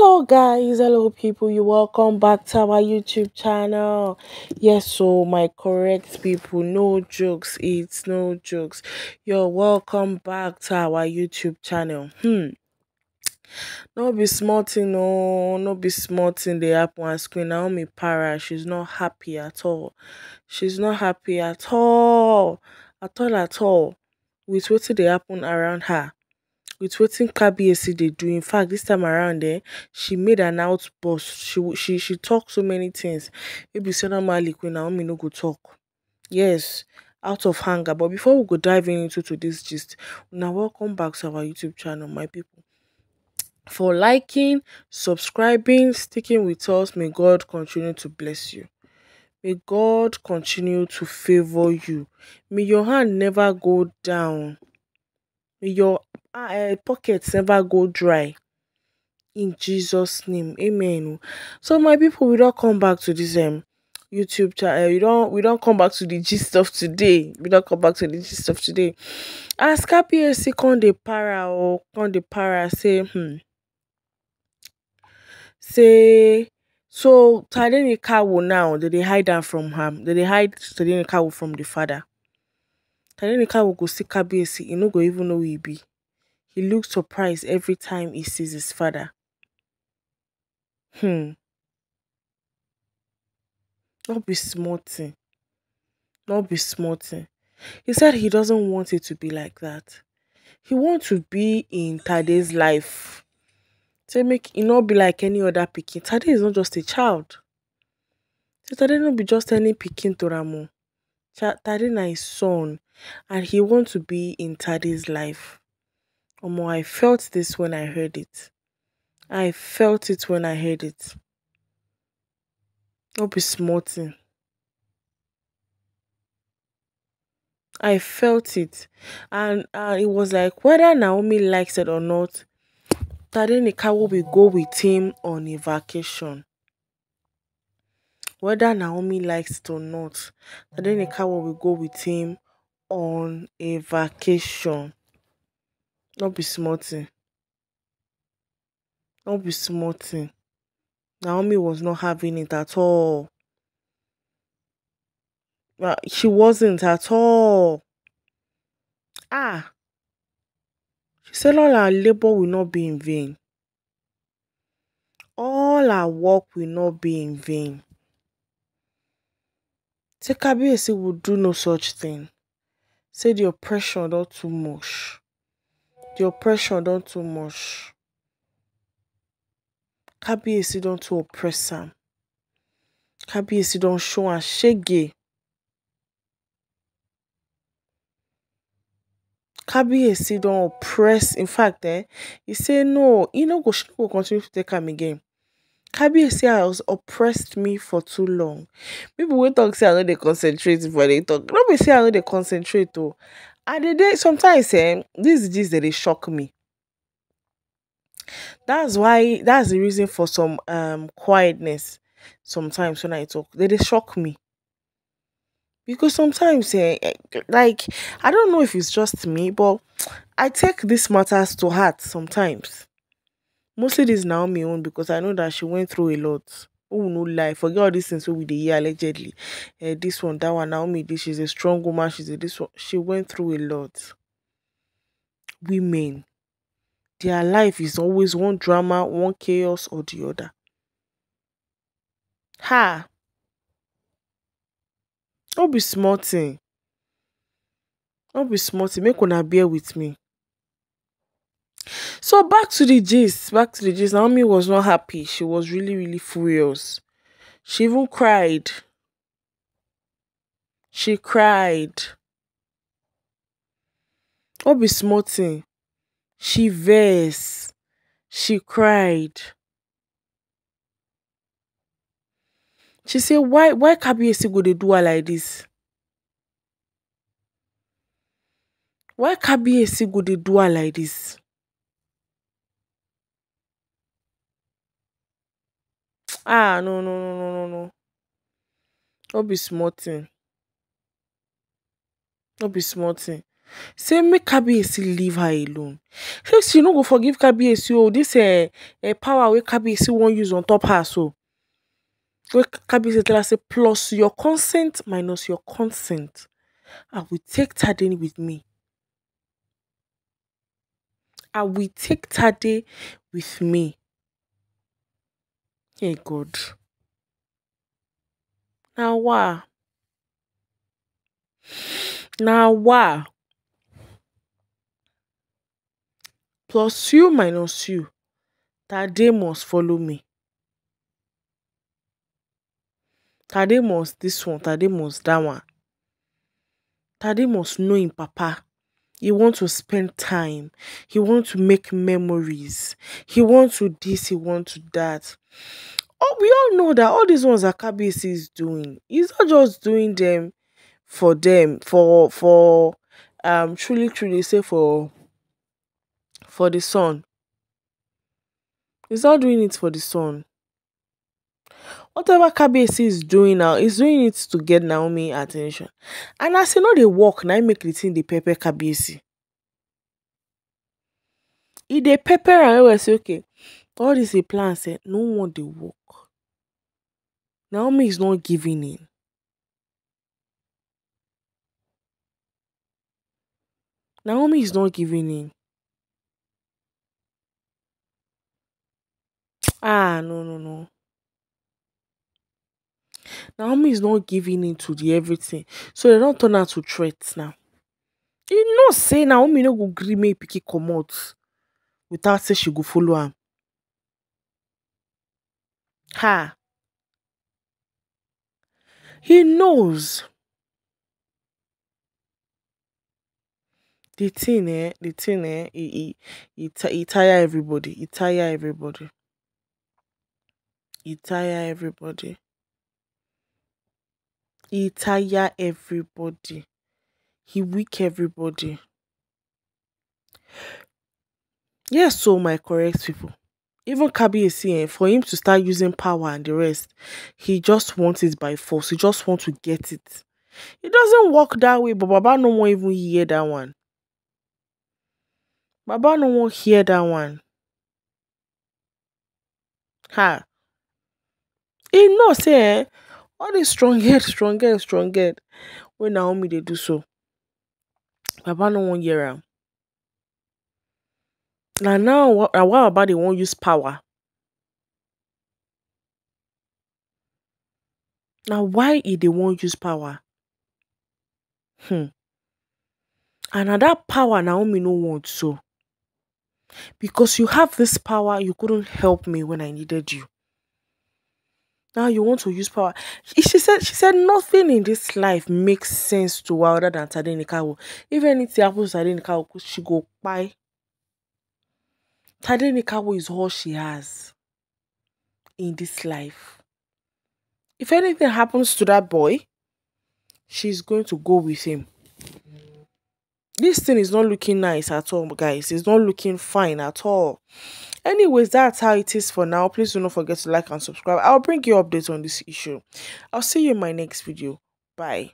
hello guys hello people you welcome back to our youtube channel yes so my correct people no jokes it's no jokes you're welcome back to our youtube channel hmm no be small no no be small thing dey happen on screen naomi para she's not happy at all she's not happy at all at all at all with wetin dey happen around her with wetin kbac they do in fact this time around eh she made an outburst she she she talked so many things. Maybe be Malik, we queen naomi no go talk. yes out of hunger but before we go diving into today's gist now welcome back to our youtube channel my people, for liking subscribing sticking with us may god continue to bless you May God continue to favor you. May your hand never go down. May your uh, ah, eh, pockets never go dry. In Jesus' name, Amen. So my people, we don't come back to this um, YouTube channel. Eh, we don't we don't come back to the gist of today. We don't come back to the gist of today. As KPSC con the para or con the para say hmm say so Tadeni Kawo now did they hide her from him? Did they hide Tadeni Kawo from the father? Tadeni Kawo go see KPSC, he no go even know who he be. He looks surprised every time he sees his father. Hmm. Not be smarting. Not be smarting. He said he doesn't want it to be like that. He wants to be in Tade's life. to make it not be like any other picking. Tade is not just a child. So Tade not be just any picking to Ramo. Tade is his son and he wants to be in Tade's life more, I felt this when I heard it. I felt it when I heard it. Don't be smarting. I felt it. And uh, it was like, whether Naomi likes it or not, Tadenika will go with him on a vacation. Whether Naomi likes it or not, Tadenika will go with him on a vacation. no be small tin no be small tin naomi was not having it at all she wasn't at all ah she said all our labor will not be in vain all our work will not be in vain say kabiyesi would do no such thing say the oppression not too much Your pressure don too much kabiyesi don too oppress am kabiyesi don show am shege kabiyesi don oppress in fact eh he say no He no go she no go continue to take am again kabiyesi has oppressed me for too long people wey talk say i no dey concentrate before i dey talk no be say i no dey concentrate o And they, they sometimes eh, this, is that they shock me. That's why that's the reason for some um quietness sometimes when I talk. They, they shock me. Because sometimes eh, eh, like I don't know if it's just me, but I take these matters to heart sometimes. Mostly this me own because I know that she went through a lot. Oh no lie forget all these things we dey hear allegedly uh, this one that one naomi This she's a strong woman she's a this one she went through a lot women their life is always one drama one chaos or the other ha Don't be smarting. Don't be smarting. make una bear with me So back to the gist, back to the gist. Naomi was not happy. She was really, really furious. She even cried. She cried. Oh, be smarting. She vexed. She cried. She said, why, why KBSC go they do her like this? Why KBSC go they do her like this? ah no no no no no no no be small thing no be small thing say make kabiyesi leave her alone say she no go forgive kabiyesi oh this uh, uh, power wey kabiyesi wan use on top her so wey kabiyesi tell her say plus your consent minus your consent i will take Tade with me i will take Tade with me Hey God. Now Nawa. Plus you minus you. Tade must follow me. Tade must this one. Tade must that one. Tade must know him papa. He wants to spend time. He wants to make memories. He wants to this, he wants to that. Oh, we all know that all these ones KBC is doing. He's not just doing them for them, for for um truly, truly say for for the son. He's not doing it for the son. whatever Kabiyesi is doing now, is doing it to get Naomi attention. And as e know they work, na im make the thing dey pepper Kabiyesi. E dey pepper am well say, okay, all is e plan say eh, no one they work. Naomi is not giving in. Naomi is not giving in. Ah, no, no, no. Naomi is not giving in to the everything. So they don't turn her to threats now. You know, say Naomi no go gree me Picky come out without say she go follow am. Ha. He knows. The thing, eh? The thing, eh? He, he, he, he tire everybody. He tire everybody. He tire everybody. He tire everybody. He weak everybody. Yes, so my correct people. Even Kabiyesi, eh, for him to start using power and the rest, he just wants it by force. He just wants to get it. It doesn't work that way, but Baba no more even hear that one. Baba no more hear that one. Ha. He knows, eh? all this strong head strong head strong head When naomi they do so papa no wan hear am Now now they won't use power Now, why they won't use power hmm and na power naomi no want so because you have this power you couldn't help me when i needed you now you want to use power. She said she said nothing in this life makes sense to her other than Tade Nikawo. If anything happens to Tade Nikawo, she go buy. Tade Nikawo is all she has in this life. If anything happens to that boy, she's going to go with him. This thing is not looking nice at all, guys. It's not looking fine at all anyways that's how it is for now please do not forget to like and subscribe i'll bring you updates on this issue i'll see you in my next video bye